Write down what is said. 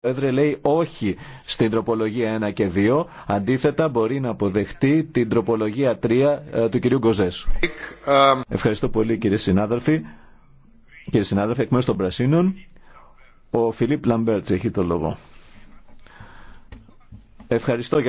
Πρόεδρε λέει όχι στην τροπολογία 1 και 2. Αντίθετα μπορεί να αποδεχτεί την τροπολογία 3 ε, του κυρίου Γκοζές. Ευχαριστώ πολύ κύριε συνάδελφοι. Κύριε συνάδελφοι, εκ μέρους των Πρασίνων, ο Φιλίπ Λαμπέρτς έχει το λόγο. Ευχαριστώ